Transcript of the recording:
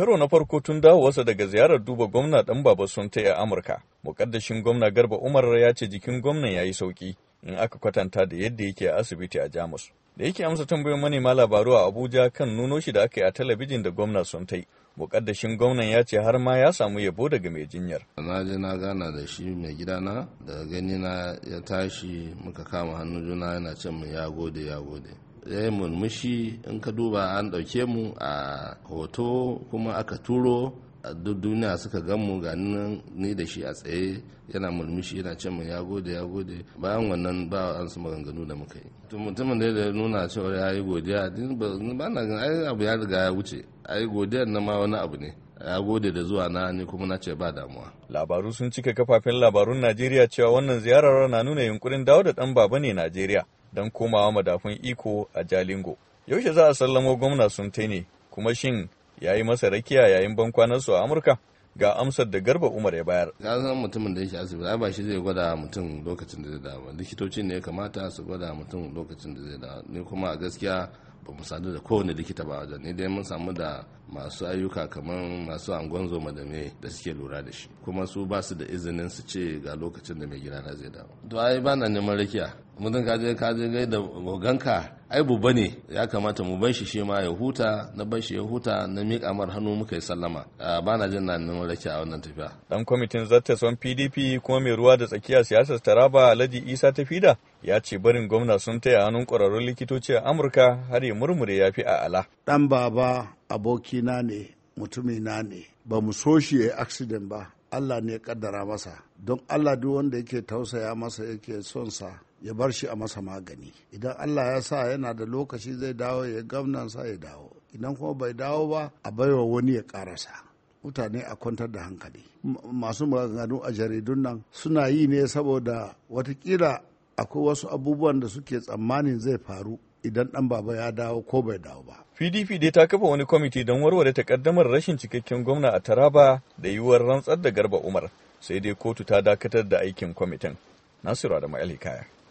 karo na farko tun dawowarsa daga ziyarar duba gwamna ɗan baba sun ta a Amurka. Mukaddashin gwamna Garba Umar ya ce jikin gwamnan ya yi sauki in aka kwatanta da yadda yake a asibiti a Jamus. Da yake amsa tambayoyin manema labaru a Abuja kan nuno shi da aka yi a talabijin da gwamna sun ta Mukaddashin gwamnan ya ce har ma ya samu yabo daga mai jinyar. Na je na gana da shi mai gidana da gani na ya tashi muka kama hannu juna yana ce mu ya gode ya gode. ya yi murmushi in ka duba an ɗauke mu a hoto kuma aka turo a duk duniya suka gan mu ga ni da shi a tsaye yana murmushi yana ce mu ya gode ya gode bayan wannan ba an su maganganu da muka yi mutumin da ya nuna cewa ya yi godiya ba na gan ai abu ya riga ya wuce ai godiyar na ma wani abu ne ya gode da zuwa na ni kuma na ce ba damuwa. Labaru sun cika kafafen labarun Najeriya cewa wannan ziyarar na nuna yunkurin dawo da dan baba ne Najeriya. don komawa madafun iko a Jalingo. Yaushe za a sallamo gwamna sun ne kuma shin ya yi masa rakiya yayin bankwanarsu a Amurka? Ga amsar da Garba Umar ya bayar. ya san mutumin da ya shi asibiti, ba shi zai gwada mutum lokacin da zai dawo. likitocin ne ya kamata su gwada mutum lokacin da zai dawo. Ni kuma a gaskiya ba mu sadu da kowane likita ba wajen ni dai mun samu da masu ayyuka kamar masu angon zoma da suke lura da shi kuma su ba su da izinin su ce ga lokacin da mai gida na zai dawo to ai ba na neman rakiya mutum ka je ka je gai da goganka ai babba ne ya kamata mu bar shi shi ma ya huta na bar shi ya huta na miƙa mar hannu muka yi sallama ba na jin na mun rake a wannan tafiya dan kwamitin zattason PDP kuma mai ruwa da tsakiya siyasar Taraba Alhaji Isa Tafida ya ce barin gwamna sun taya hannun ƙwararrun likitoci a Amurka har ya murmure ya fi a ala dan baba abokina ne mutumina ne ba mu so shi ya accident ba Allah ne ya kaddara masa don Allah duk wanda yake tausaya masa yake son sa ya bar shi a masa magani idan allah ya sa yana da lokaci zai dawo ya sa ya dawo idan kuma bai dawo ba a baiwa wani ya karasa mutane a kwantar da hankali masu maganganu a jaridun nan suna yi ne saboda watakila akwai wasu abubuwan da suke tsammanin zai faru idan dan baba ya dawo ko bai dawo ba. PDP dai ta kafa wani kwamiti don warware takaddamar rashin cikakken gwamna a Taraba da yiwuwar rantsar da Garba Umar, sai dai kotu ta dakatar da aikin kwamitin. Nasiru Adamu Alikaya.